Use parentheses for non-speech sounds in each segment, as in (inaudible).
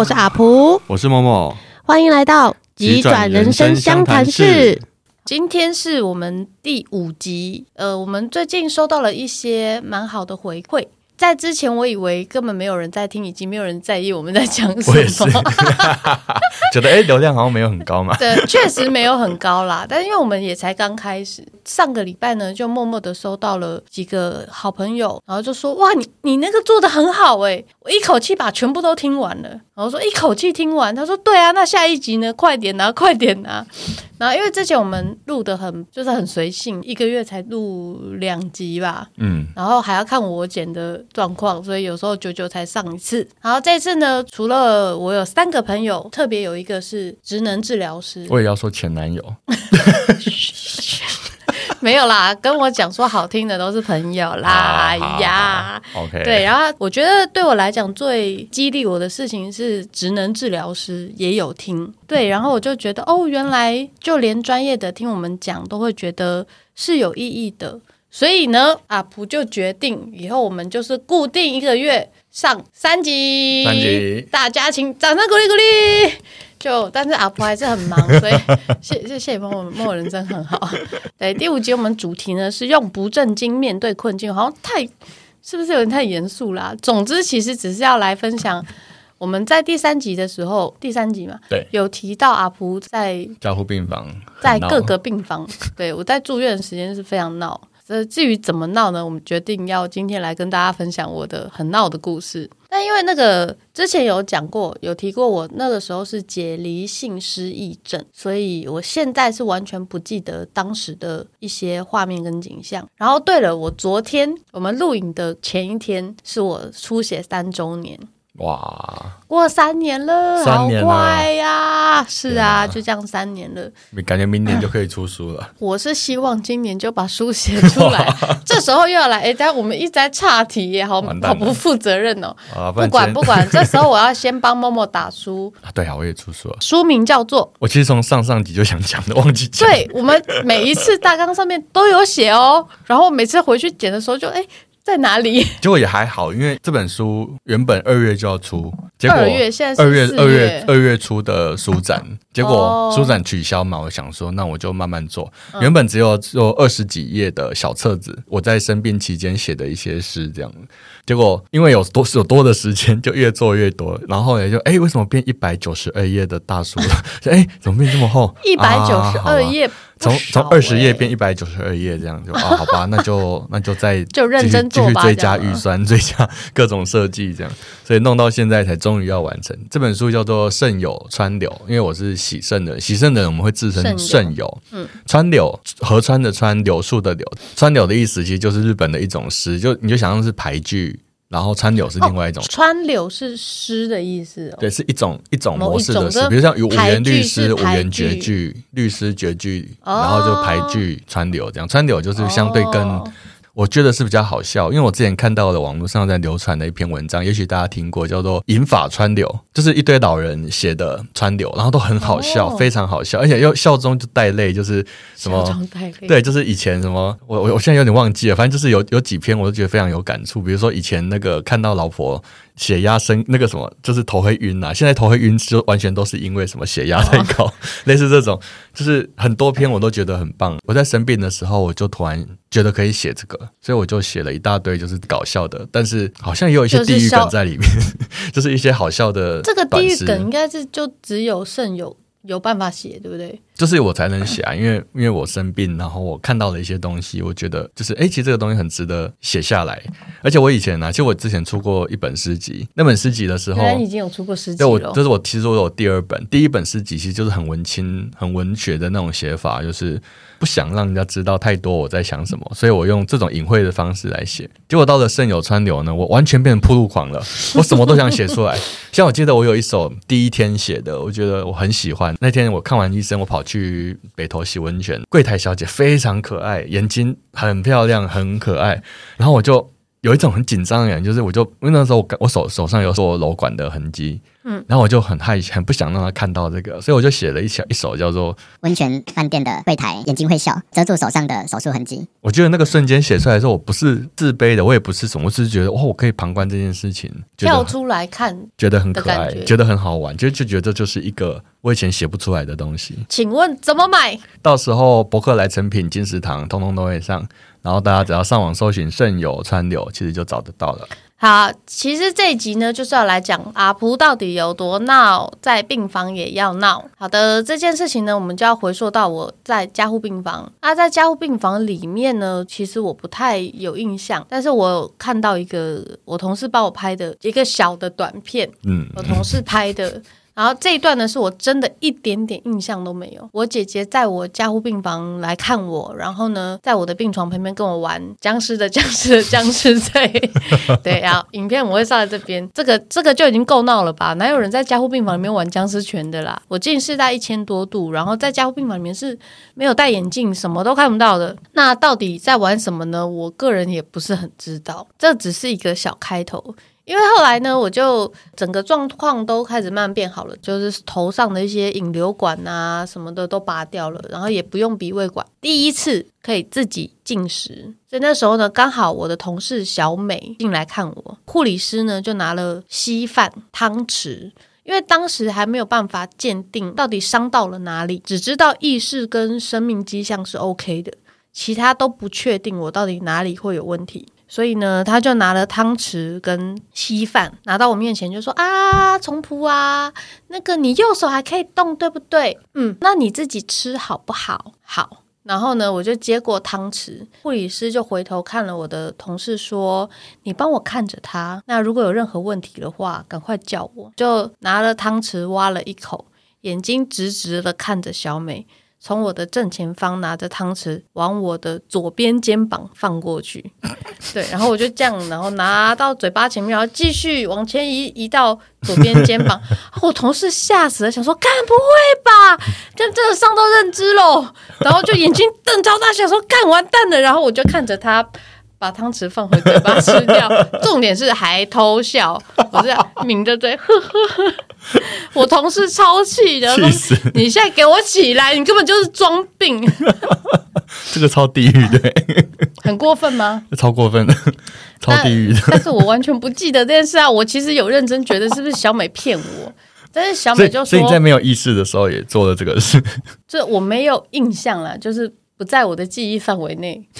我是阿璞，我是默默，歡迎來到疾轉人生相談室。今天是我們第五集，呃，我們最近收到了一些蠻好的回饋。在之前，我以為根本沒有人在聽，以及沒有人在意我們在講什麼。我也是。 (laughs) 覺得哎，流量好像沒有很高嘛。對，確實沒有很高啦。但是因為我們也才剛開始，上個禮拜呢，就默默的收到了幾個好朋友，然後就說：“哇，你你那個做得很好哎、欸！”我一口氣把全部都聽完了，然後說：“一口氣聽完。”他說：“對啊，那下一集呢？快點啊，快點啊！”然後因為之前我們錄得很就是很隨性，一個月才錄兩集吧。嗯，然後還要看我剪的。狀況，所以有時候久久才上一次。然後這次呢，除了我有三個朋友，特別有一個是職能治療師。我也要說前男友 (laughs) ， (laughs) (laughs) 沒有啦，跟我講說好聽的都是朋友啦、啊、呀。啊、OK，對，然後我覺得對我來講最激勵我的事情是職能治療師也有聽。對，然後我就覺得哦，原來就連專業的聽我們講，都會覺得是有意義的。所以呢，阿璞就決定以後我們就是固定一個月上三集，三集大家請掌聲鼓勵鼓勵。就但是阿璞還是很忙， (laughs) 所以謝謝謝某某 (laughs) 某人真很好。對，第五集我們主題呢是用不正經面對困境，好像太是不是有點太嚴肅啦、啊？總之，其實只是要來分享我們在第三集的時候，第三集嘛，對，有提到阿璞在加護病房，在各個病房，對我在住院的時間是非常鬧。呃，至於怎麼鬧呢？我們決定要今天來跟大家分享我的很鬧的故事。但因為那個之前有講過，有提過我那個時候是解離性失憶症，所以我現在是完全不記得當時的一些畫面跟景象。然後，對了，我昨天我們錄影的前一天是我出血三週年。哇，過、哦、三,三年了，好快呀、啊！是啊，啊，就這樣三年了。感覺明年就可以出書了。嗯、我是希望今年就把書寫出來。 (laughs) 這時候又要來哎，但、欸、我們一直在岔題，好，好不負責任哦、喔啊。不管不管，這時候我要先幫默默打書。 (laughs) 對啊，我也出書了，書名叫做……我其實從上上集就想講的，忘記講。對我們每一次大綱上面都有寫哦、喔， (laughs) 然後每次回去剪的時候就哎。欸在哪裡？結果也還好，因為這本書原本二月就要出，結果二月現在二月二月二月，二月初的書展， (laughs) 結果書展取消嘛，我想說那我就慢慢做。原本只有做二十幾頁的小冊子，嗯，我在生病期間寫的一些詩，這樣。結果因為有多有多的時間，就越做越多，然後也就哎，為什麼變一百九十二頁的大書了？哎， (laughs) 怎麼變這麼厚？一百九十二頁。啊從從二十頁變一百九十二頁，這樣就、欸啊、好吧？那就那就再 (laughs) 就認真做吧，繼續追加預算，追加各種設計，這樣所以弄到現在才終於要完成。這本書叫做《腎友川柳》，因為我是洗腎的，洗腎的人我們會自稱腎友,友、嗯。川柳河川的川，柳樹的柳，川柳的,柳的意思其實就是日本的一種詩，就你就想象是俳句。然後川柳是另外一種，哦、川柳是詩的意思、哦，對，是一種一種模式的詩，的比如像五言律詩、五言絕句、律詩、絕句、哦，然後就排句川柳這樣，川柳就是相對更、哦。我覺得是比較好笑，因為我之前看到的網絡上在流傳的一篇文章，也許大家聽過，叫做《銀髮川柳》，就是一堆老人寫的川柳，然後都很好笑、哦，非常好笑，而且又笑中就帶淚，就是什麼帶淚，對，就是以前什麼，我我現在有點忘記了，反正就是有有幾篇我都覺得非常有感觸，比如說以前那個看到老婆。血壓升，那個什麼，就是頭會暈吶。現在頭會暈，就完全都是因為什麼血壓太高。啊、 (laughs) 類似這種，就是很多篇我都覺得很棒。我在生病的時候，我就突然覺得可以寫這個，所以我就寫了一大堆，就是搞笑的。但是好像也有一些地獄梗在裡面，就是， (laughs) 就是一些好笑的。這個地獄梗應該是就只有腎有有辦法寫，對不對？就是我才能寫啊，因為因為我生病，然後我看到了一些東西，我覺得就是哎，其實這個東西很值得寫下來。而且我以前啊，其實我之前出過一本詩集，那本詩集的時候，原來已經有出過詩集這、就是我其實我有第二本，第一本詩集其實就是很文青、很文學的那種寫法，就是不想讓人家知道太多我在想什麼，所以我用這種隱晦的方式來寫。結果到了《勝友川流》呢，我完全變成暴露狂了，我什麼都想寫出來。 (laughs) 像我記得我有一首第一天寫的，我覺得我很喜歡。那天我看完醫生，我跑去。去北投洗溫泉，櫃檯小姐非常可愛，眼睛很漂亮，很可愛，然後我就。有一種很緊張的感覺，就是我就因為那時候我，我手手上有做瘻管的痕跡，嗯，然後我就很害很不想讓他看到這個，所以我就寫了一小一首叫做《溫泉飯店的櫃檯》，眼睛會笑，遮住手上的手術痕跡。我覺得那個瞬間寫出來的時候，我不是自卑的，我也不是什麼，我只是覺得哦，我可以旁觀這件事情，跳出來看覺，覺得很可愛，覺得很好玩，就就覺得就是一個我以前寫不出來的東西。請問怎麼買？到時候博客來、誠品、金石堂通通都會上。然後大家只要上網搜尋“腎友”“川流”，其實就找得到了。好，其實這一集呢，就是要來講阿璞到底有多鬧，在病房也要鬧。好的，這件事情呢，我們就要回溯到我在加護病房。那、啊、在加護病房裡面呢，其實我不太有印象，但是我有看到一個我同事幫我拍的一個小的短片，嗯，我同事拍的、嗯。 (laughs) 然後這一段呢，是我真的一點點印象都沒有。我姐姐在我加護病房來看我，然後呢，在我的病床旁邊跟我玩僵屍的僵屍的僵屍。對。對，然 (laughs) 後、啊、影片我會放在這邊。這個這個就已經夠鬧了吧？哪有人在加護病房裡面玩僵屍拳的啦？我近視在一千多度，然後在加護病房裡面是沒有戴眼鏡，什麼都看不到的。那到底在玩什麼呢？我個人也不是很知道。這只是一個小開頭。因為後來呢，我就整個狀況都開始慢慢變好了，就是頭上的一些引流管啊什麼的都拔掉了，然後也不用鼻胃管，第一次可以自己進食。所以那時候呢，剛好我的同事小美進來看我，護理師呢就拿了稀飯、湯匙，因為當時還沒有辦法鑑定到底傷到了哪裡，只知道意識跟生命跡象是 OK 的，其他都不確定我到底哪裡會有問題。所以呢，他就拿了湯匙跟稀飯拿到我面前，就說：“啊，重仆啊，那個你右手還可以動，對不對？嗯，那你自己吃好不好？好。然後呢，我就接過湯匙，護理師就回頭看了我的同事說：‘你幫我看着他，那如果有任何問題的話，趕快叫我。’就拿了湯匙挖了一口，眼睛直直的看着小美。”從我的正前方拿着湯匙往我的左邊肩膀放過去，對，然後我就這樣，然後拿到嘴巴前面，然後繼續往前移，移到左邊肩膀。 (laughs) 然後我同事嚇死了，想說幹不會吧，這真的傷到認知咯。 (laughs) 然後就眼睛瞪着大，想說幹完蛋了，然後我就看着他。把湯匙放回嘴巴吃掉， (laughs) 重點是還偷笑，我這樣抿着嘴。我同事超氣的，你現在給我起來，你根本就是裝病。 (laughs) 這個超地獄對、啊、很過分嗎？ (laughs) 超過分的，超地獄。但是我完全不記得這件事啊！我其實有認真覺得是不是小美騙我， (laughs) 但是小美就說：所以，所以你在沒有意識的時候也做了這個事。這我沒有印象了，就是不在我的記憶範圍內。 (laughs)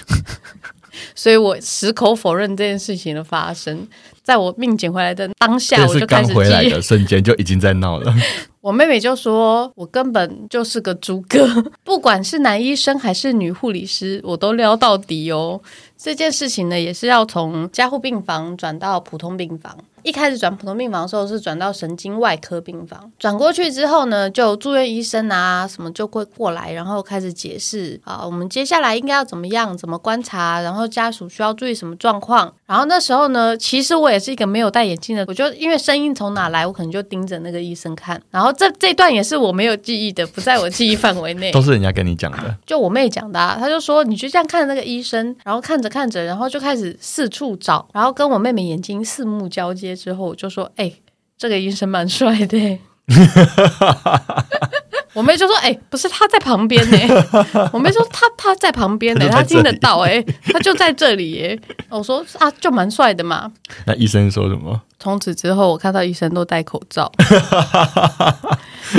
所以我矢口否認這件事情的發生，在我命撿回來的當下，我就開始回來的瞬間就已經在鬧了。 (laughs) 我妹妹就說：“我根本就是個豬哥， (laughs) 不管，是男醫生還是女護理師，我都撩到底哦。”這件事情呢，也是要從加護病房轉到普通病房。一開始轉普通病房的時候是轉到神經外科病房，轉過去之後呢，就住院醫生啊什麼就會過來，然後開始解釋啊，我們接下來應該要怎麼樣，怎麼觀察，然後家屬需要注意什麼狀況。然後那時候呢，其實我也是一個沒有戴眼鏡的，我就因為聲音從哪來，我可能就盯着那個醫生看。然後這這段也是我沒有記憶的，不在我記憶範圍內，都是人家跟你講的，就我妹講的啊，她就說你就這樣看着那個醫生，然後看着看着，然後就開始四處找，然後跟我妹妹眼睛四目交接。之後我就說：“哎、欸，這個醫生蠻帥的、欸。 (laughs) ”我妹就說：“哎、欸，不是他在旁邊呢。”我妹說他：“他他在旁邊呢，他聽得到哎，他就在這裡。欸這裡欸”我說：“啊，就蠻帥的嘛。”那醫生說什麼？從此之後，我看到醫生都戴口罩。他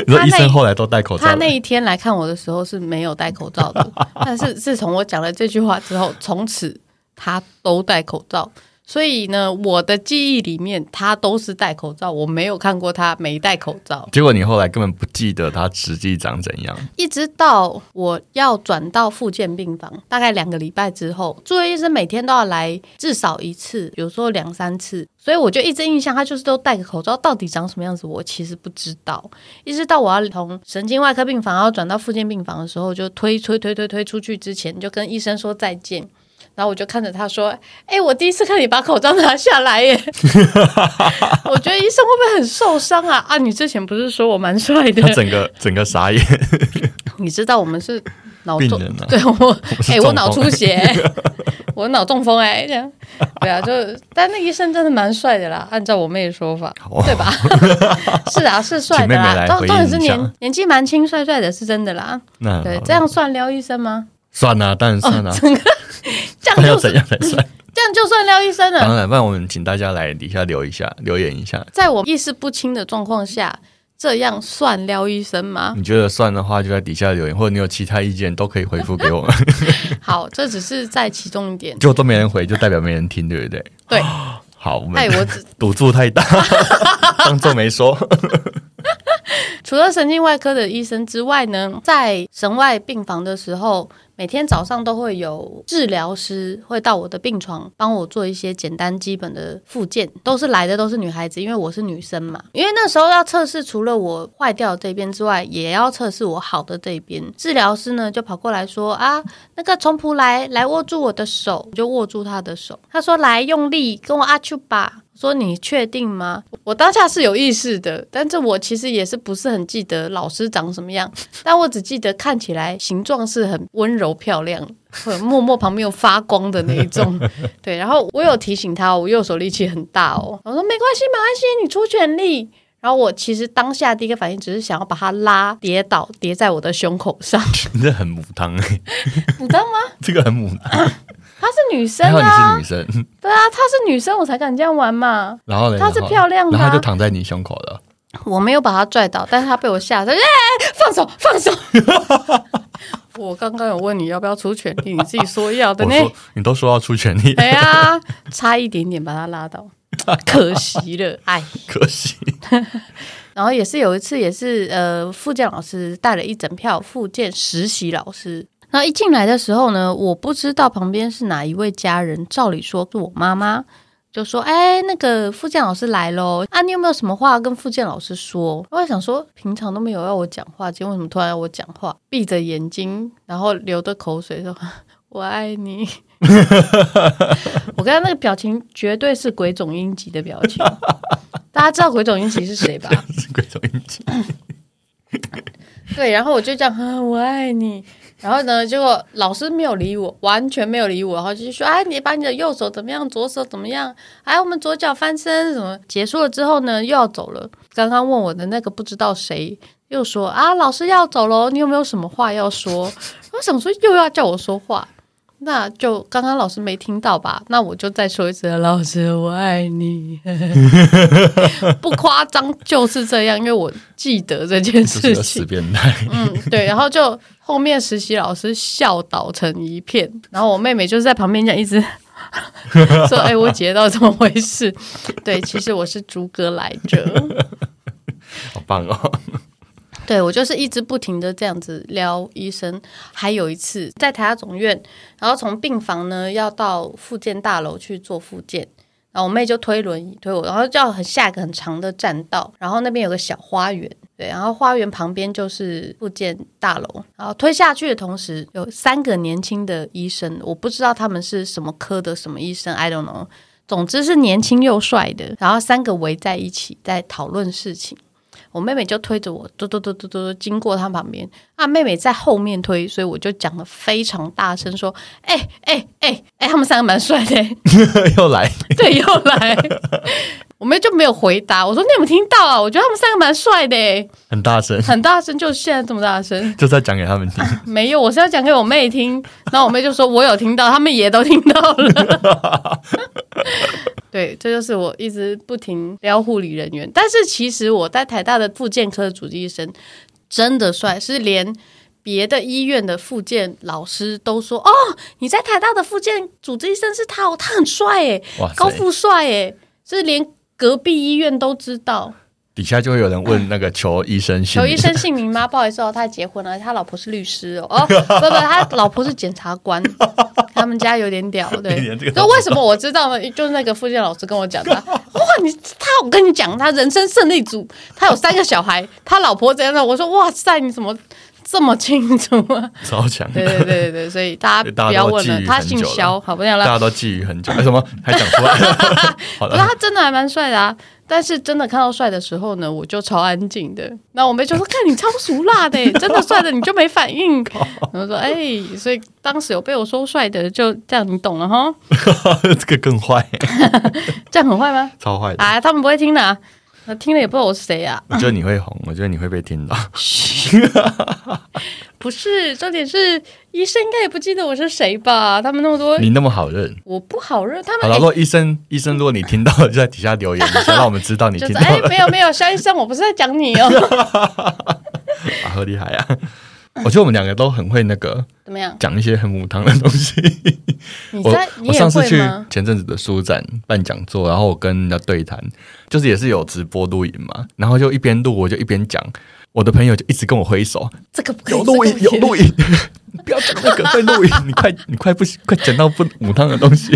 (laughs) 醫生後來都戴口罩他。他那一天來看我的時候是沒有戴口罩的，但是自從我講了這句話之後，從此他都戴口罩。所以呢，我的記憶裡面他都是戴口罩，我沒有看過他沒戴口罩。結果你後來根本不記得他實際長怎樣，一直到我要轉到復健病房，大概兩個禮拜之後，住院醫生每天都要來至少一次，有時候兩三次，所以我就一直印象他就是都戴個口罩，到底長什麼樣子我其實不知道。一直到我要從神經外科病房要轉到復健病房的時候，就推推推推推出去之前，就跟醫生說再見。然後我就看着他說：“哎、欸，我第一次看你把口罩拿下來耶！ (laughs) (laughs) 我覺得醫生會不會很受傷啊？啊，你之前不是說我蠻帥的？他整個整個傻眼。 (laughs) 你知道我們是腦中，啊、對我我，風、欸欸、我腦出血， (laughs) (laughs) 我腦中風哎、欸， (laughs) 對啊，就但那醫生真的蠻帥的啦。按照我妹的說法， (laughs) 對吧？ (laughs) 是啊，是帥的，當當你是年年紀蠻輕，帥帥的，是真的啦。的對這樣算撩醫生嗎？”算啊，當然算啊。哦、整個這樣就是、怎樣才算？嗯、這樣就算撩醫生了。當然，那我們請大家來底下留一下留言一下。在我意識不清的狀況下，這樣算撩醫生嗎？你覺得算的話，就在底下留言，或者你有其他意見，都可以回復給我們。 (laughs) 好，這只是在其中一點。就都沒人回，就代表沒人聽，對不對？ (laughs) 對。好，哎，我們的賭注太大， (laughs) 當做沒說。 (laughs) 除了神經外科的醫生之外呢，在神外病房的時候。每天早上都會有治療師會到我的病床幫我做一些簡單基本的復健，都是來的都是女孩子，因為我是女生嘛。因為那時候要測試，除了我壞掉的這邊之外，也要測試我好的這邊。治療師呢就跑過來說：“啊，那個衝僕來，來握住我的手。”我就握住他的手。他說：“來用力跟我阿丘吧。”說，你確定嗎？我當下是有意識的，但是我其實也是不是很記得老師長什麼樣，但我只記得看起來形狀是很溫柔漂亮、很默默旁邊有發光的那一種。 (laughs) 對，然後我有提醒他，我右手力氣很大哦。我說沒關係，沒關係，你出全力。然後我其實當下第一個反應只是想要把他拉跌倒，跌在我的胸口上。真 (laughs) 的很母湯、欸，母湯嗎？ (laughs) 這個很母湯。 (laughs) 她是女生啊！還有你是女生，對啊，她是女生，我才敢這樣玩嘛。然後她是漂亮的嗎、啊？他就躺在你胸口了。我沒有把她拽倒，但是她被我嚇到、欸。放手，放手！ (laughs) (laughs) 我剛剛有問你要不要出全力，你自己說要的呢。你都說要出全力，哎呀、啊，差一點點把她拉倒， (laughs) 可惜了，哎，可惜。 (laughs) 然後也是有一次，也是呃，復健老師帶了一整票復健實習老師。那一進來的時候呢，我不知道旁邊是哪一位家人。照理說是我媽媽，就說：“哎，那個復健老師來嘍，啊，你有沒有什麼話要跟復健老師說？”我想說，平常都沒有要我講話，今天為什麼突然要我講話？閉着眼睛，然後流着口水說：“我愛你。 (laughs) ”我剛才那個表情絕對是鬼塚英吉的表情。大家知道鬼塚英吉是誰吧？是鬼塚英吉。 (laughs) 對，然後我就這樣：“我愛你。”然後呢，結果老師沒有理我，完全沒有理我。然後就說：“哎，你把你的右手怎麼樣？左手怎麼樣？哎，我們左腳翻身什麼？”結束了之後呢，又要走了。剛剛問我的那個不知道誰又說：“啊，老師要走嘍，你有沒有什麼話要說？”我想說又要叫我說話。那就剛剛老師沒聽到吧？那我就再說一次，老師我愛你， (laughs) 不誇張就是這樣，因為我記得這件事情。十嗯，對，然後就後面實習老師笑倒成一片，然後我妹妹就是在旁邊這樣一直 (laughs) 說：“哎、欸，我姐到怎麼回事？” (laughs) 對，其實我是豬哥來着，好棒哦。對，我就是一直不停的這樣子撩醫生。還有一次在台大總院，然後從病房呢要到復健大樓去做復健，然後我妹就推輪椅推我，然後就要下一個很長的棧道，然後那邊有個小花園，對，然後花園旁邊就是復健大樓。然後推下去的同時，有三個年輕的醫生，我不知道他們是什麼科的什麼醫生，I don't know。總之是年輕又帥的，然後三個圍在一起在討論事情。我妹妹就推着我，嘟嘟嘟嘟嘟嘟，經過她旁邊。啊，妹妹在後面推，所以我就講得非常大聲，說：“哎哎哎哎，他們三個蠻帥的、欸。 (laughs) ”又來，對，又來。 (laughs) 我妹就沒有回答。我說：“你有沒有聽到？”啊？我覺得他們三個蠻帥的、欸。很大聲。很大聲，就現在這麼大聲。就在講給他們聽、啊。沒有，我是要講給我妹聽。然後我妹就說：“我有聽到， (laughs) 他們也都聽到了。 (laughs) ”對，這就是我一直不停撩護理人員。但是其實我在台大的復健科的主治醫生真的帥，是連別的醫院的復健老師都說：“哦，你在台大的復健主治醫生是他哦，他很帥哎，高富帥哎，是連隔壁醫院都知道。”底下就會有人問那個求醫生求醫生姓名嗎？ (laughs) 不好意思哦，他結婚了，他老婆是律師哦。 (laughs) 哦，不不，他老婆是檢察官， (laughs) 他們家有點屌。對，那為什麼我知道呢？ (laughs) 就是那個復健老師跟我講的、啊。哇，你他我跟你講，他人生勝利組，他有三個小孩，他老婆在那，我說哇塞，你怎麼這麼清楚啊？超強。對對對對，所以大家不要問了。他姓肖，好不啦？大家都覬覦很久。為、 (laughs) 哎、什麼還講出來 (laughs) 好了的笑，他真的還蠻帥的啊。但是真的看到帥的時候呢，我就超安靜的。那我妹就說，看你超俗辣的，欸， (laughs) 真的帥的你就沒反應。 (laughs) 然後我說，哎，欸，所以當時有被我說帥的，就這樣，你懂了哈。 (laughs) 這個更壞，欸， (laughs) 這樣很壞嗎？超壞的啊，他們不會聽的，啊。我聽了也不知道我是誰啊！我覺得你會紅，我覺得你會被聽到。 (laughs) 不是重點是醫生應該也不記得我是誰吧？他們那麼多，你那麼好認，我不好認。他們。老羅、欸、醫生，醫生，如果你聽到了就在底下留言， (laughs) 你說讓我們知道你聽到了。沒、就、有、是欸、沒有，肖醫生，我不是在講你哦。 (laughs) (laughs) 啊、好厲害呀、啊！我覺得我們兩個都很會那個，怎麼樣？講一些很無湯的東西。 (laughs) 我我上次去前陣子的書展辦講座，然後我跟人家對談，就是也是有直播錄影嘛，然後就一邊錄我就一邊講。我的朋友就一直跟我揮手，這個有錄音，有錄音，這個、不，有有 (laughs) 不要講那個會錄音，你快你快不快撿到不母湯的東西。 (laughs)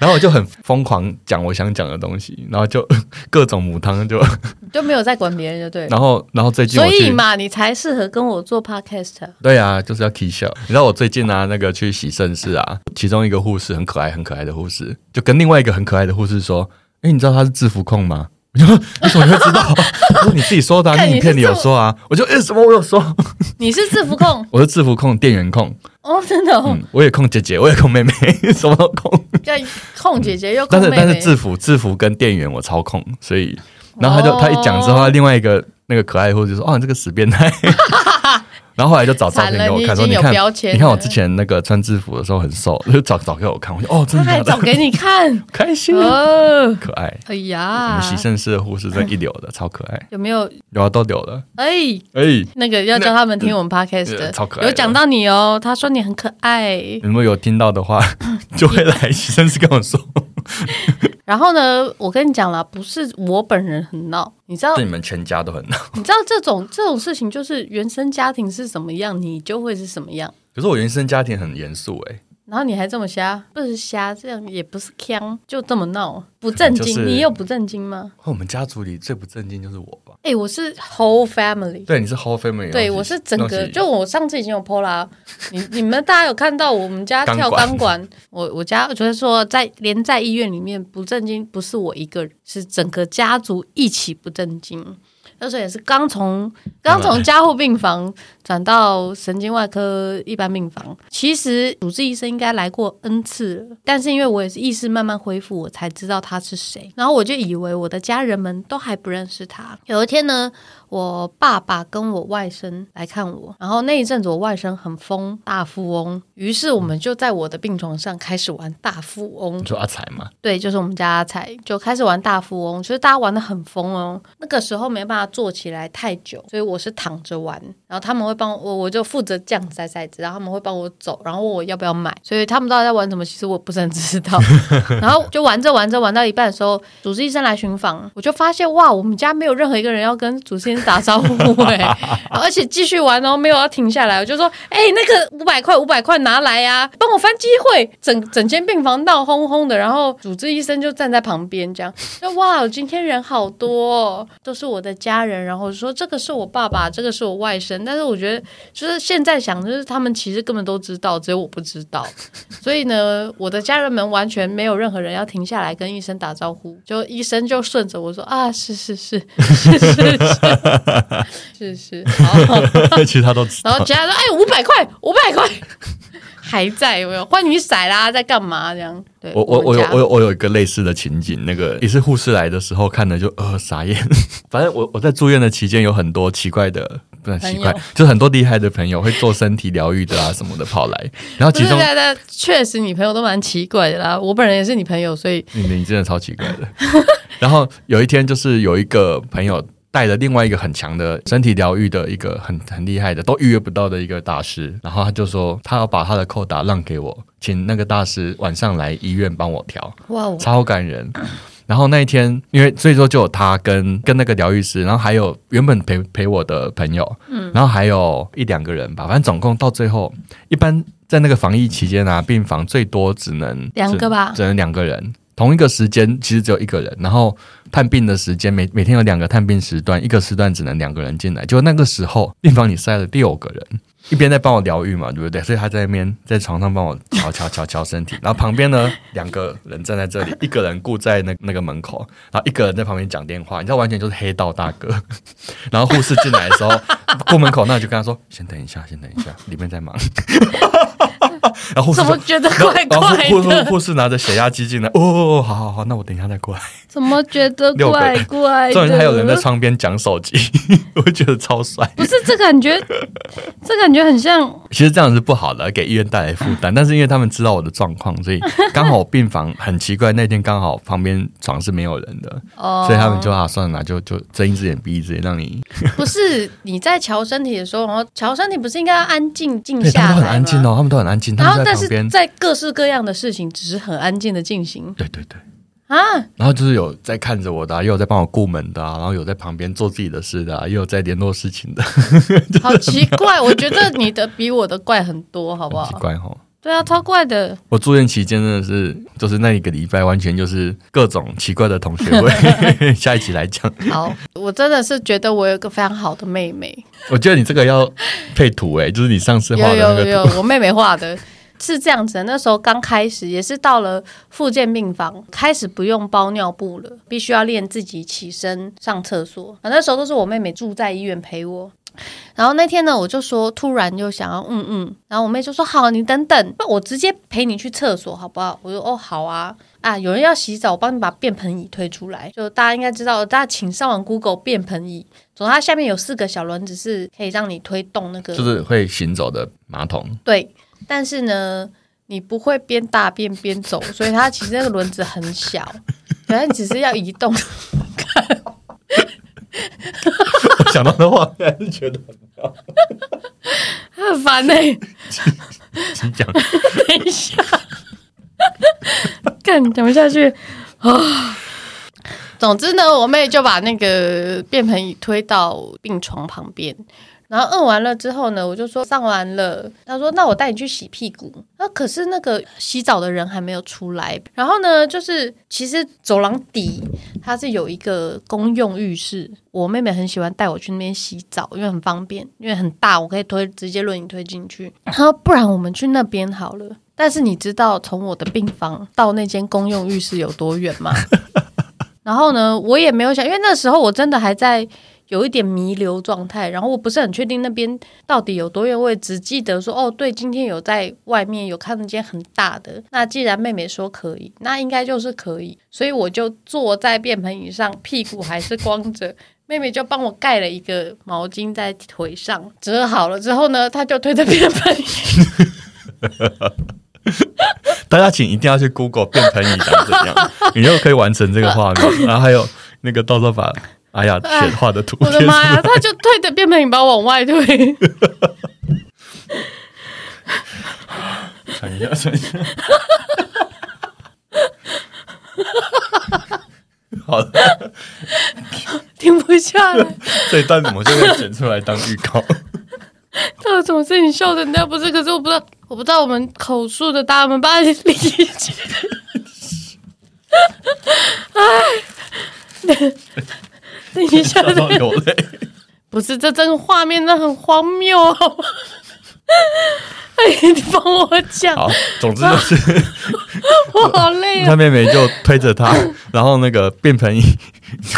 然後我就很瘋狂講我想講的東西，然後就各種母湯就 (laughs) 就沒有再管別人就對。然後然後最近我所以嘛，你才適合跟我做 podcast，啊。對啊，就是要 Key Show 你知道我最近呢，啊，那個去洗腎室啊，其中一個護士很可愛很可愛的護士，就跟另外一個很可愛的護士說：“哎、欸，你知道他是制服控嗎？”我就說你怎麼會知道？ (laughs) 我說你自己說的、啊，那影片裡有說啊。我就誒、欸，什麼我有說？你是制服控？我是制服控、店員控。哦，真的。我也控姐姐，我也控妹妹，什麼都控。叫控姐姐又控妹妹，但是但是，制服制服跟店員我超控，所以，然後他就、oh. 他一講之後，他另外一個那個可愛或者就說、是、哦，你這個死變態。 (laughs) 然後後來就找照片給我看，你有說，你看，你看，你看我之前那個穿制服的時候很瘦，就找找給我看，我就哦，真的假的？他還找給你看， (laughs) 開心、啊哦，可愛，哎呀，我們喜勝室的護士是一流的、嗯，超可愛，有沒有？有啊，都有了，哎哎，那個要叫他們聽我們 podcast 的，呃呃、超可愛，有講到你哦，他說你很可愛，你們有，有，有聽到的話、嗯、 (laughs) 就會來喜勝室跟我說。嗯 (laughs) (laughs) 然後呢？我跟你講啦，不是我本人很鬧，你知道？是你們全家都很鬧。你知道這種這種事情，就是原生家庭是什麼樣，你就會是什麼樣。可是我原生家庭很嚴肅哎、欸。然後你還這麼瞎，不是瞎，這樣也不是腔，就這麼鬧，不正經，就是、你有不正經嗎、哦？我們家族裡最不正經就是我吧？哎、欸，我是 whole family，對，你是 whole family，對是我是整個是，就我上次已經有 po 啦、啊， (laughs) 你你們大家有看到我們家跳鋼管？鋼管我我家覺得、就是、說在連在醫院裡面不正經，不是我一個人，是整個家族一起不正經。那時候也是剛從剛從加護病房轉到神經外科一般病房，其實主治醫生應該來過 N 次了，但是因為我也是意識慢慢恢復，我才知道他是誰，然後我就以為我的家人們都還不認識他。有一天呢。我爸爸跟我外甥來看我，然後那一陣子我外甥很瘋，大富翁，於是我們就在我的病床上開始玩大富翁。就阿財嘛？對，就是我們家阿財就開始玩大富翁，其實大家玩的很瘋哦。那個時候沒辦法坐起來太久，所以我是躺着玩，然後他們會幫我，我，我就負責降丟骰子，然後他們會幫我走，然後問我要不要買。所以他們到底在玩什麼，其實我不是很知道。 (laughs) 然後就玩着玩着，玩到一半的時候，主治醫生來巡訪，我就發現哇，我們家沒有任何一個人要跟主治醫生。 (laughs) 打招呼哎、欸，而且繼續玩、哦，然後沒有要停下來，我就說：“哎、欸，那個五百塊，五百塊拿來呀、啊，幫我翻機會。整”整整間病房鬧哄哄的，然後主治醫生就站在旁邊，這樣就哇，今天人好多、哦，都是我的家人。然後說：“這個是我爸爸，這個是我外甥。”但是我覺得，就是現在想，就是他們其實根本都知道，只有我不知道。所以呢，我的家人們完全沒有任何人要停下來跟醫生打招呼，就醫生就順着我說：“啊，是是是是是。是”是是是 (laughs) 是，是。然後 (laughs) 其他都知道。然後其他都。哎、欸，五百塊，五百塊還在有沒有？換你骰啦，在幹嘛這樣？對，我我我，我有我我有一個類似的情景，那個也是護士來的時候看的，就呃傻眼。反正我我在住院的期間，有很多奇怪的，不算奇怪，就是很多厲害的朋友會做身體療癒的啊 (laughs) 什麼的跑來。然後其中，確實你朋友都蠻奇怪的啦。我本人也是你朋友，所以你你真的超奇怪的。 (laughs) 然後有一天，就是有一個朋友。帶着另外一個很強的身體療癒的一個很很厲害的都預約不到的一個大師，然後他就說他要把他的扣打讓給我，請那個大師晚上來醫院幫我調，哇、wow，超感人。 (coughs) 然後那一天，因為所以說就有他跟跟那個療癒師，然後還有原本陪陪我的朋友，嗯，然後還有一兩個人吧，反正總共到最後，一般在那個防疫期間啊，病房最多只能只兩個吧，只能兩個人。同一個時間其實只有一個人，然後探病的時間每每天有兩個探病時段，一個時段只能兩個人進來，就那個時候病房裡塞了六個人，一邊在幫我療癒嘛，對不對？所以他在那邊在床上幫我敲敲敲敲身體， (laughs) 然後旁邊呢兩個人站在這裡，一個人顧在那那個門口，然後一個人在旁邊講電話，你知道完全就是黑道大哥。 (laughs) 然後護士進來的時候過門口，那就跟他說：“先等一下，先等一下，裡面在忙。 (laughs) ”啊、然後怎麼覺得怪怪的？護士，護，士護士拿着血壓計進來，哦，哦，哦好好好，那我等一下再過來。怎麼覺得怪怪的？突然還有人在窗邊講手機，我覺得超帥。不是這感覺，這感覺很像。 (laughs) 其實這樣是不好的，給醫院帶來負擔。但是因為他們知道我的狀況，所以剛好病房很奇怪， (laughs) 那天剛好旁邊床是沒有人的， (laughs) 所以他們就啊算了啊，就就睜一隻眼閉一隻眼讓你。 (laughs) 不是你在瞧身體的時候，瞧身體不是應該要安靜靜下來嗎？欸，他們都很安靜哦，他們都很安靜。然後，但是在各式各樣的事情，只是很安靜的進行。對對對，啊，然後就是有在看着我的、啊，又有在幫我顧門的、啊，然後有在旁邊做自己的事的、啊，又有在聯絡事情的， (laughs) 的好奇怪。 (laughs) 我覺得你的比我的怪很多，好不好？嗯、奇怪哦，對啊，超怪的。我住院期間真的是，就是那一個禮拜，完全就是各種奇怪的同學會。 (laughs) 下一期來講。好。我真的是覺得我有一個非常好的妹妹。我覺得你這個要配圖誒、欸，就是你上次畫的那個圖 (laughs) 有有有，我妹妹畫的是這樣子的。那時候剛開始也是到了復健病房，開始不用包尿布了，必須要練自己起身上廁所。啊，那時候都是我妹妹住在醫院陪我。然後那天呢，我就說突然就想要嗯嗯，然後我妹就說好，你等等，那我直接陪你去廁所好不好？我說哦好啊。啊！有人要洗澡，我幫你把便盆椅推出來。就大家應該知道，大家請上網 Google 便盆椅。總之，它下面有四個小輪子，是可以讓你推動那個。就是會行走的馬桶。對，但是呢，你不會邊大便邊走，所以它其實那個輪子很小，反 (laughs) 正只是要移動。 (laughs) (laughs) (laughs) (laughs) 我想到的話還是覺得很好， (laughs) (laughs) 很煩煩呢、欸。 (laughs) 請講。 (laughs) 等一下。哈 (laughs) 哈，看講不下去啊！哦、 (laughs) 總之呢，我妹就把那個便盆椅推到病床旁邊，然後餓完了之後呢，我就說上完了。她說：“那我帶你去洗屁股。”那可是那個洗澡的人還沒有出來。然後呢，就是其實走廊底它是有一個公用浴室，我妹妹很喜歡帶我去那邊洗澡，因為很方便，因為很大，我可以推直接輪椅推進去。她說：“不然我們去那邊好了。”但是你知道從我的病房到那間公用浴室有多遠嗎？ (laughs) 然後呢，我也沒有想，因為那時候我真的還在有一點彌留狀態，然後我不是很確定那邊到底有多遠，我也只記得說，哦對，今天有在外面有看那間很大的。那既然妹妹說可以，那應該就是可以，所以我就坐在便盆椅上，屁股還是光着，妹妹就幫我蓋了一個毛巾在腿上，折好了之後呢，她就推着便盆椅。 (laughs) (laughs) 大家請一定要去 Google 便盆椅長怎樣， (laughs) 你又可以完成這個畫面。 (laughs) 然後還有那個到時候把，哎呀，雪、哎、畫的圖。我的媽呀，他就推的便盆椅把我往外推。 (laughs) 轉 (laughs) 一下，轉一下。 (laughs) (laughs) 好的， (laughs) 停不下來 (laughs) 對。這段我們就要剪出來當預告。 (laughs) 這總是你笑的，那不是？可是我不知道，我不知道我們口述的大門班理解。哎， (laughs) 等一下，再不是這這個畫面，那很荒謬、哦。哎， (laughs) 你幫我講。好，總之就是、啊、我好累、啊。他妹妹就推着他，然後那個便盆椅。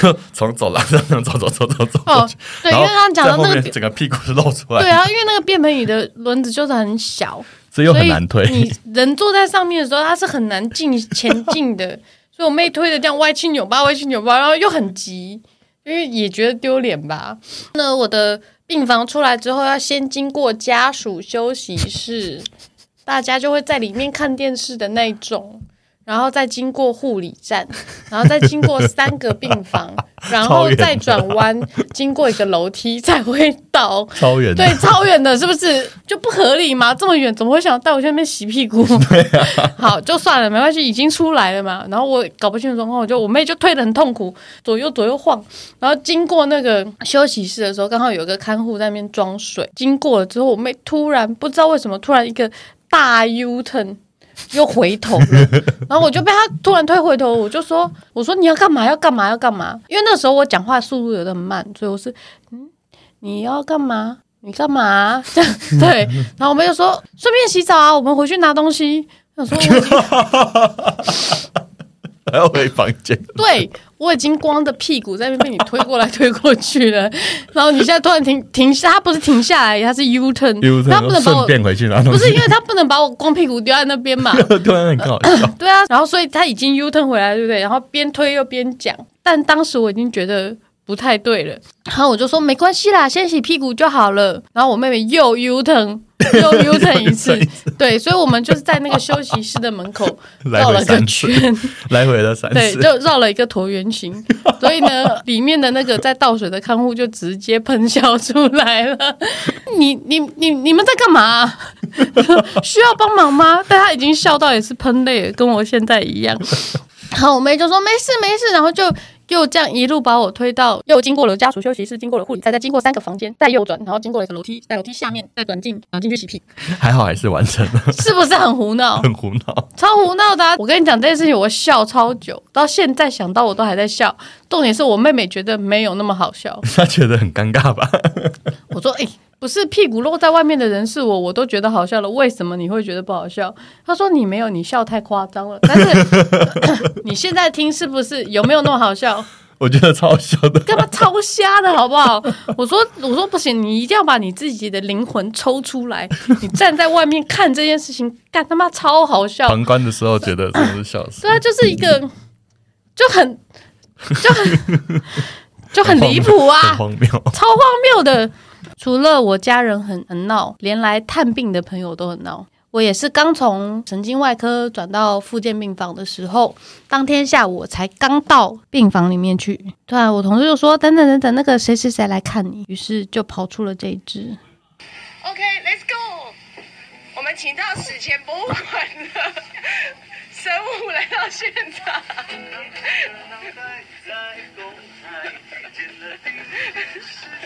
就 (laughs) 從走廊上走走走走走過，oh, 對，因為他講的那個整個屁股是露出來的的，那個。對啊，因為那個便盆椅的輪子就是很小，所以又很難推。你人坐在上面的時候，它是很難進前進的。 (laughs) 所以我妹推的這樣歪七扭八、歪七扭八，然後又很急，因為也覺得丟臉吧。那我的病房出來之後，要先經過家屬休息室，大家就會在裡面看電視的那種。然後再經過護理站，然後再經過三個病房，然後再轉彎，啊、經過一個樓梯才會到。超遠的對，超遠的，是不是就不合理嘛？這麼遠，怎麼會想到帶我去那邊洗屁股？啊、好，就算了，沒關係，已經出來了嘛。然後我搞不清楚狀況，我就我妹就推得很痛苦，左右左右晃。然後經過那個休息室的時候，剛好有一個看護在那邊裝水。經過了之後，我妹突然不知道為什麼，突然一個大 U-turn。 (laughs) 又回頭了，然後我就被他突然推回頭，我就說：“我說你要幹嘛？要幹嘛？要幹嘛？”因為那時候我講話速度有點慢，所以我是嗯，你要幹嘛？你幹嘛、啊？這 (laughs) 樣，對。然後我們就說：“順 (laughs) 便洗澡啊，我們回去拿東西。”他說：“哈哈哈哈哈哈。”還要回房間？ (laughs) 對，我已經光着屁股在那邊被你推過來推過去了， (laughs) 然後你現在突然停停下，他不是停下來，他是 U-turn，U-turn，他不能把我變回去，然後不是因為他不能把我光屁股丟在那邊嘛，對，突然很搞笑 (coughs) ，對啊，然後所以他已經 U-turn 回來，對不對？然後邊推又邊講，但當時我已經覺得。不太對了，然後我就說沒關係啦，先洗屁股就好了。然後我妹妹又 U-turn (laughs) 又 U-turn 一次，對，所以我們就是在那個休息室的門口繞了個圈，來回了三,三次，對，就繞了一個橢圓形。 (laughs) 所以呢，裡面的那個在倒水的看護就直接噴笑出來了。你你你你們在幹嘛、啊？ (laughs) 需要幫忙嗎？但她已經笑到也是噴淚，跟我現在一樣。然後我妹就說沒事沒事，然後就。就這樣一路把我推到，又經過了家屬休息室，經過了護理再再經過三個房間，再右轉，然後經過了一個樓梯，在樓梯下面再轉進，然後進去洗屁。還好還是完成了，是不是很胡鬧？ (laughs) 很胡鬧，超胡鬧的、啊。 (laughs) 我跟你講這件事情，我笑超久，到現在想到我都還在笑。重點是我妹妹覺得沒有那麼好笑，她覺得很尷尬吧？ (laughs) 我說，哎、欸。不是屁股落在外面的人是我，我都覺得好笑了。為什麼你會覺得不好笑？他說你沒有，你笑太誇張了。但是 (laughs) (coughs) 你現在聽，是不是有沒有那麼好笑？我覺得超笑的。幹嘛超瞎的好不好？我說我說不行，你一定要把你自己的靈魂抽出來。你站在外面看這件事情，幹他媽超好笑。旁觀的時候覺得是不是笑死 (coughs) 對啊，就是一個就很就很就很離譜啊荒謬、荒謬，超荒謬的。除了我家人很很鬧，連來探病的朋友都很鬧。我也是剛從神經外科轉到復健病房的時候，當天下午我才剛到病房裡面去，突然我同事就說：“等等等等，那個誰誰誰來看你。”於是就跑出了這一隻。OK，Let's go！我們請到史前博物館的生物來到現場。 (laughs)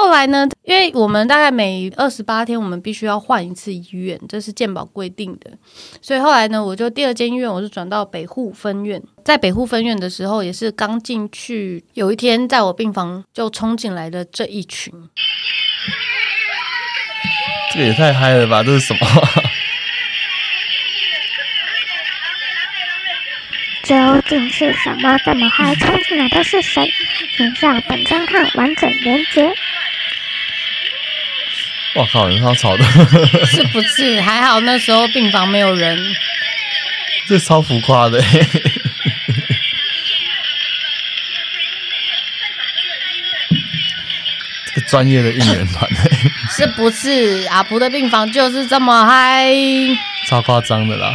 後來呢，因為我們大概每二十八天，我們必須要換一次醫院，這是健保規定的。所以後來呢，我就第二間醫院，我就轉到北護分院。在北護分院的時候，也是剛進去，有一天在我病房就衝進來的這一群，這個也太嗨了吧！這是什麼？ (laughs) 究竟是什麼？這麼嗨！衝進來的是誰？請上本章看完整連結。哇靠！人超吵的。是不是？還好那時候病房沒有人。這超浮誇的。 (laughs) 這個專業的應援團是不是？阿璞的病房就是這麼嗨。超誇張的啦。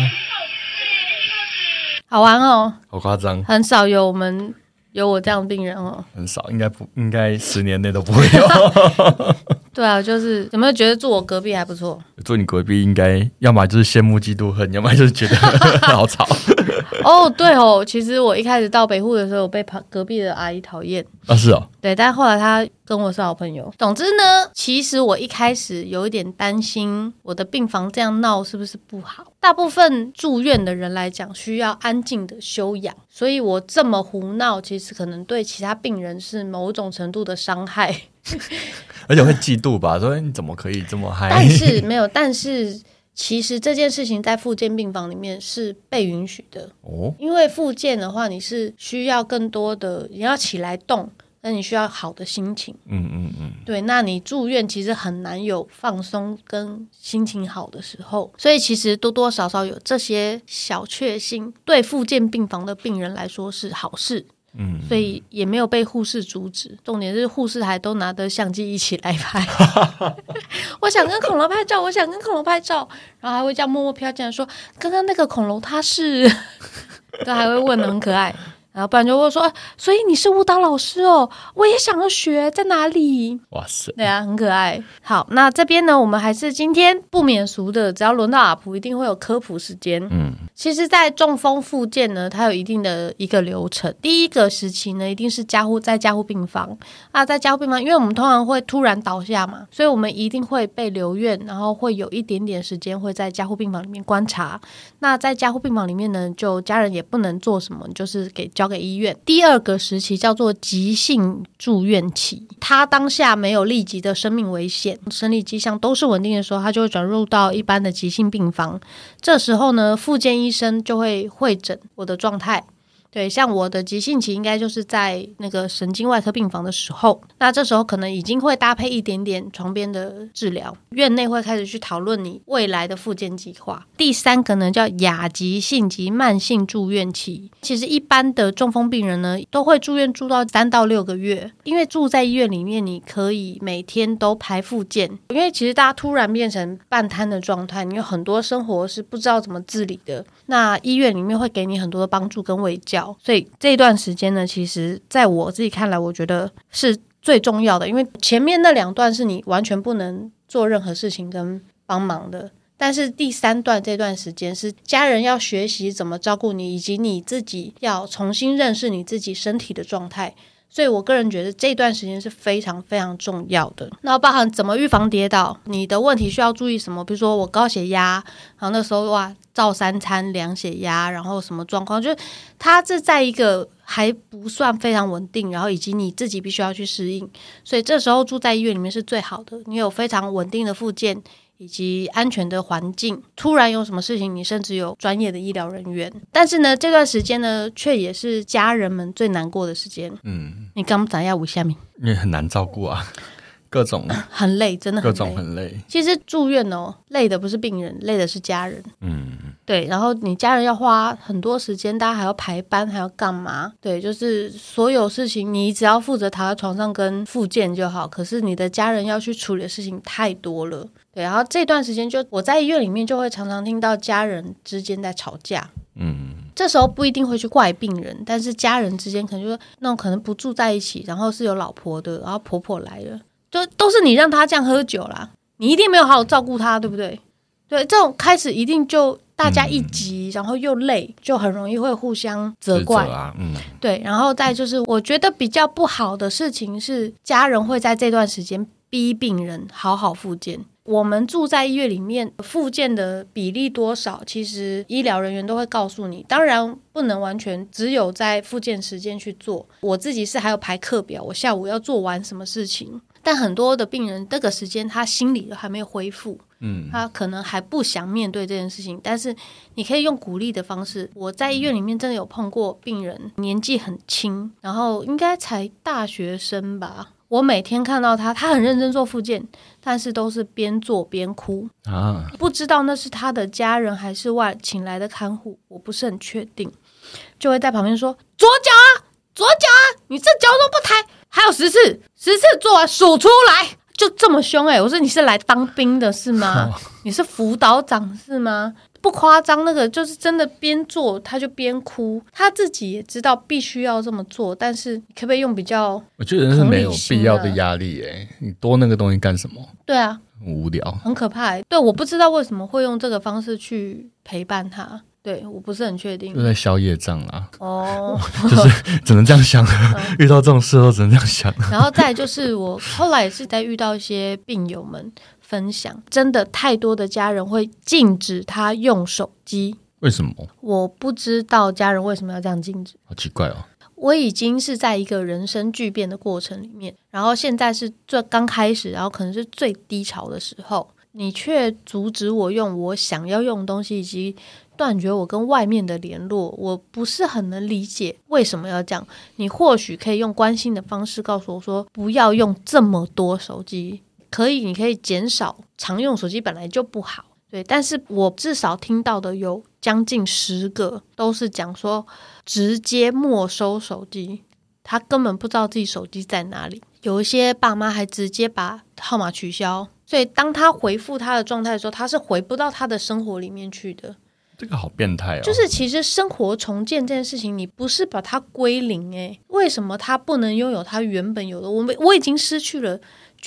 好玩哦，好誇張，很少有我們有我這樣的病人哦，很少，應該不，應該十年內都不會有。 (laughs) (laughs) 對啊，就是有沒有覺得住我隔壁還不錯？住你隔壁應該要麼就是羨慕嫉妒恨，要麼就是覺得呵呵好吵。哦，對哦，其實我一開始到北戶的時候，我被旁隔壁的阿姨討厭啊，是哦，對，但後來他跟我是好朋友。總之呢，其實我一開始有一點擔心，我的病房這樣鬧是不是不好？大部分住院的人來講，需要安靜的休養，所以我這麼胡鬧，其實可能對其他病人是某種程度的傷害。 (laughs) 而且會嫉妒吧？說你怎麼可以這麼嗨？ (laughs) 但是沒有，但是其實這件事情在復健病房裡面是被允許的哦。因為復健的話，你是需要更多的，你要起來動，那你需要好的心情。嗯嗯嗯，對，那你住院其實很難有放鬆跟心情好的時候，所以其實多多少少有這些小確幸，對復健病房的病人來說是好事。嗯，所以也沒有被護士阻止。重點是護士還都拿着相機一起來拍。 (laughs) (laughs) 我想跟恐龍拍照，我想跟恐龍拍照，然後還會這樣默默飄進來說：“剛剛那個恐龍它是。 (laughs) ”都還會問很可愛。然後不然就會說、啊，所以你是舞蹈老師哦，我也想要學，在哪裡？哇塞！對啊，很可愛。好，那這邊呢，我們還是今天不免俗的，只要輪到阿璞，一定會有科普時間。嗯，其實，在中風復健呢，它有一定的一個流程。第一個時期呢，一定是加護，在加護病房啊，那在加護病房，因為我們通常會突然倒下嘛，所以我們一定會被留院，然後會有一點點時間會在加護病房裡面觀察。那在加護病房裡面呢，就家人也不能做什麼，就是給家交給醫院。第二個時期叫做急性住院期，他當下沒有立即的生命危險，生理跡象都是穩定的時候，他就會轉入到一般的急性病房。這時候呢，復健醫生就會會診我的狀態。對，像我的急性期應該就是在那個神經外科病房的時候，那這時候可能已經會搭配一點點床邊的治療，院內會開始去討論你未來的復健計劃。第三個呢，叫亞急性及慢性住院期，其實一般的中風病人呢，都會住院住到三到六個月，因為住在醫院裡面你可以每天都排復健，因為其實大家突然變成半癱的狀態，你有很多生活是不知道怎麼自理的，那醫院裡面會給你很多的幫助跟衛教。所以這段時間呢，其實在我自己看來，我覺得是最重要的，因為前面那兩段是你完全不能做任何事情跟幫忙的，但是第三段這段時間，是家人要學習怎麼照顧你，以及你自己要重新認識你自己身體的狀態。所以，我個人覺得這段時間是非常非常重要的。那包含怎麼預防跌倒，你的問題需要注意什麼？比如說我高血壓，然後那時候哇，照三餐量血壓，然後什麼狀況？就是它是在一個還不算非常穩定，然後以及你自己必須要去適應。所以這時候住在醫院裡面是最好的，你有非常穩定的復健。以及安全的環境，突然有什麼事情，你甚至有專業的醫療人員。但是呢，這段時間呢，卻也是家人們最難過的時間。嗯，你剛打下五下面，因為很難照顧啊，各種 (laughs) 很累，真的很各種很累。其實住院哦、喔，累的不是病人，累的是家人。嗯，對。然後你家人要花很多時間，大家還要排班，還要幹嘛？對，就是所有事情，你只要負責躺在床上跟復健就好。可是你的家人要去處理的事情太多了。對，然後這段時間就我在醫院裡面就會常常聽到家人之間在吵架。嗯，這時候不一定會去怪病人，但是家人之間可能就說那種可能不住在一起，然後是有老婆的，然後婆婆來了，就都是你讓他這樣喝酒啦，你一定沒有好好照顧他，對不對？對，這種開始一定就大家一急，嗯、然後又累，就很容易會互相責怪責、啊。嗯，對，然後再就是我覺得比較不好的事情是，家人會在這段時間逼病人好好復健。我們住在醫院裡面復健的比例多少？其實醫療人員都會告訴你，當然不能完全只有在復健時間去做。我自己是還有排課表，我下午要做完什麼事情。但很多的病人這個時間他心理都還沒有恢復，嗯，他可能還不想面對這件事情。但是你可以用鼓勵的方式。我在醫院裡面真的有碰過病人，年紀很輕，然後應該才大學生吧。我每天看到他，他很認真做復健，但是都是邊做邊哭啊！不知道那是他的家人還是外請來的看護，我不是很確定。就會在旁邊說：“左腳啊，左腳啊，你這腳都不抬，還有十次，十次做完數出來，就這麼凶哎、欸！我說你是來當兵的是嗎？哦、你是輔導長是嗎？”不誇張，那個就是真的，邊做他就邊哭，他自己也知道必須要這麼做，但是可不可以用比較我覺得人是沒有必要的壓力哎、欸，你多那個東西幹什麼？對啊，很無聊，很可怕、欸。對，我不知道為什麼會用這個方式去陪伴他，對我不是很確定，就在消業障啊。哦、oh, (laughs) (laughs) 就是只能這樣想， (laughs) 遇到這種事都只能這樣想。 (laughs) 然後再就是我後來也是在遇到一些病友們。分享真的太多的家人會禁止他用手機，為什麼？我不知道家人為什麼要這樣禁止，好奇怪哦。我已經是在一個人生巨變的過程裡面，然後現在是最剛開始，然後可能是最低潮的時候，你卻阻止我用我想要用的東西，以及斷絕我跟外面的聯絡，我不是很能理解為什麼要這樣。你或許可以用關心的方式告訴我說，說不要用這麼多手機。可以，你可以減少，常用手機本來就不好，對。但是我至少聽到的有將近十個，都是講說直接沒收手機，他根本不知道自己手機在哪裡。有一些爸媽還直接把號碼取消，所以當他回復他的狀態的時候，他是回不到他的生活裡面去的。這個好變態啊、哦！就是其實生活重建這件事情，你不是把它歸零誒，為什麼他不能擁有他原本有的？我們我已經失去了。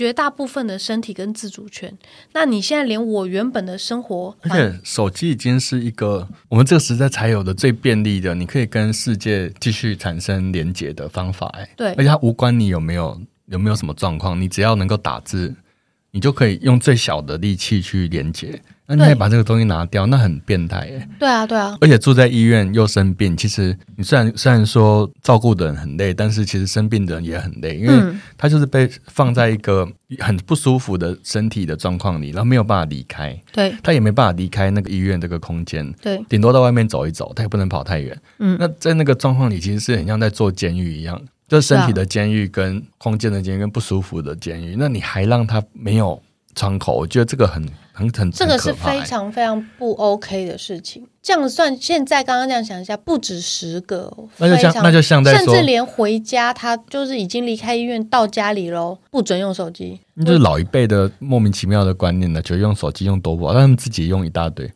絕大部分的身體跟自主權，那你現在連我原本的生活，而且手機已經是一個我們這個時代才有的最便利的，你可以跟世界繼續產生連接的方法。欸。哎，對，而且它無關你有沒有有沒有什麼狀況，你只要能夠打字，你就可以用最小的力氣去連接。那你可以把這個東西拿掉，那很變態耶、欸！對啊，對啊！而且住在醫院又生病，其實你雖然雖然說照顧的人很累，但是其實生病的人也很累，因為他就是被放在一個很不舒服的身體的狀況裡，然後沒有辦法離開。對，他也沒辦法離開那個醫院這個空間。對，頂多到外面走一走，他也不能跑太遠。嗯，那在那個狀況裡，其實是很像在坐監獄一樣，就是身體的監獄跟空間的監獄，跟不舒服的監獄，啊。那你還讓他沒有窗口，我覺得這個很。欸、這個是非常非常不 OK 的事情。這樣算，現在剛剛這樣想一下，不止十個，那就像那就像在說，甚至連回家他就是已經離開醫院到家裡嘍，不准用手機。就是老一輩的莫名其妙的觀念呢，就用手機用多不好，但他們自己用一大堆，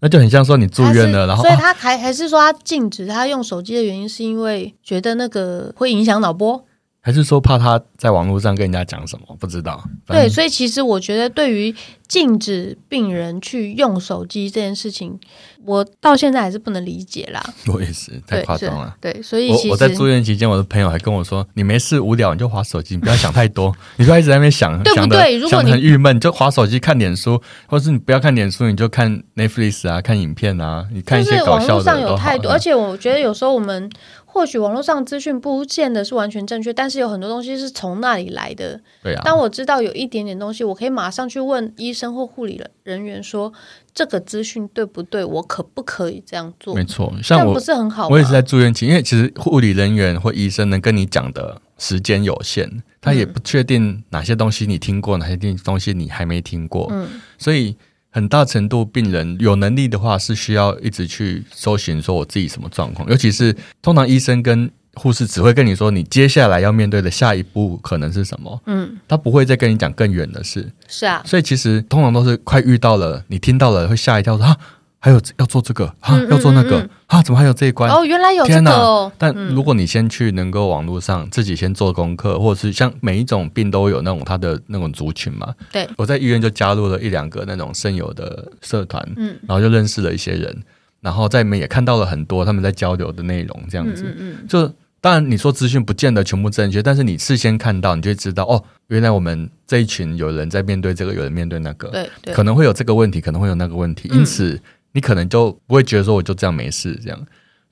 那就很像說你住院了，然後所以他還還是說他禁止他用手機的原因，是因為覺得那個會影響腦波，還是說怕他在網絡上跟人家講什麼？不知道。對，所以其實我覺得對於。禁止病人去用手機這件事情，我到現在還是不能理解啦。我也是太誇張了。對，對，所以其實我，我在住院期間，我的朋友還跟我說：“你沒事無聊你就滑手機，你不要想太多， (laughs) 你就開一直在那邊想，對不對？想如果你很鬱悶，你就滑手機看臉書，或是你不要看臉書，你就看 Netflix 啊，看影片啊，你看一些搞笑的、就是、網絡上有太多。而且我覺得有時候我們 (laughs) 或許網絡上資訊不見得是完全正確，但是有很多東西是從那裡來的。對啊，當我知道有一點點東西，我可以馬上去問醫生。”生活護理人員說：“這個資訊對不對？我可不可以這樣做？沒錯，像我不是很好。我也是在住院期，因為其實護理人員或醫生能跟你講的時間有限，他也不確定哪些東西你聽過，嗯、哪些東西東西你還沒聽過。嗯，所以很大程度病人有能力的話，是需要一直去搜尋說我自己什麼狀況，尤其是通常醫生跟。”護士只會跟你說，你接下來要面對的下一步可能是什麼？嗯，他不會再跟你講更遠的事。是啊，所以其實通常都是快遇到了，你聽到了會嚇一跳說，說啊，還有要做這個啊嗯嗯嗯，要做那個啊，怎麼還有這一關？哦，原來有這、哦、天哪、啊！但如果你先去能夠網路上自己先做功課、嗯，或者是像每一種病都有那種它的那種族群嘛。對，我在醫院就加入了一兩個那種腎友的社團，嗯，然後就認識了一些人，然後在裡面也看到了很多他們在交流的內容，這樣子，嗯嗯，嗯，就。當然，你說資訊不見得全部正確，但是你事先看到，你就會知道哦，原來我們這一群有人在面對這個，有人面對那個，對，對，可能會有這個問題，可能會有那個問題，嗯，因此你可能就不會覺得說我就這樣沒事這樣。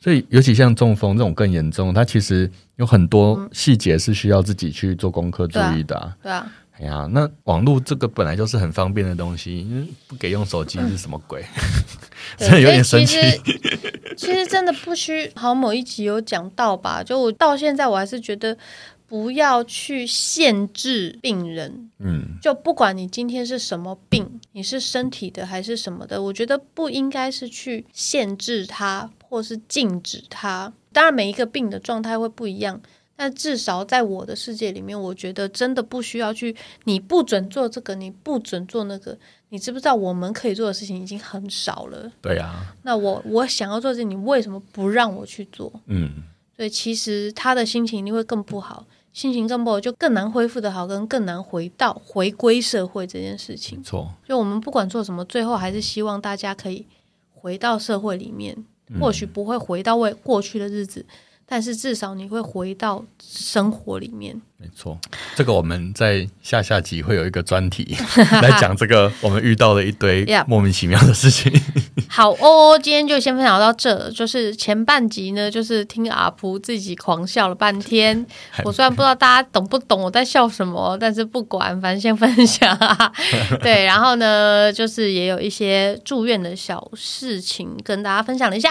所以，尤其像中風這種更嚴重，它其實有很多細節是需要自己去做功課注意的，啊。對啊，對啊。哎呀，那網絡這個本來就是很方便的東西，不給用手機是什麼鬼？真、嗯、的 (laughs) 對 (laughs) 有點生氣、欸。其實， (laughs) 其實真的不需，好像某一集有講到吧。就我到現在我還是覺得，不要去限制病人。嗯，就不管你今天是什麼病，你是身體的還是什麼的，我覺得不應該是去限制他或是禁止他。當然，每一個病的狀態會不一樣。但至少在我的世界裡面，我覺得真的不需要去。你不准做這個，你不准做那個，你知不知道？我們可以做的事情已經很少了。對呀、啊。那我我想要做的事情，你為什麼不讓我去做？嗯。所以其實他的心情一定會更不好，心情更不好，就更難恢復的好，跟更難回到回歸社會這件事情。錯。就我們不管做什麼，最後還是希望大家可以回到社會裡面，或許不會回到為過去的日子。嗯但是至少你會回到生活裡面。沒錯，這個我們在下下集會有一個專題 (laughs) 來講這個我們遇到了一堆莫名其妙的事情。Yep. (laughs) 好哦，今天就先分享到這。就是前半集呢，就是聽阿璞自己狂笑了半天。 (laughs) 我雖然不知道大家懂不懂我在笑什麼，但是不管，反正先分享啊。 (laughs) 對，然後呢，就是也有一些住院的小事情跟大家分享了一下。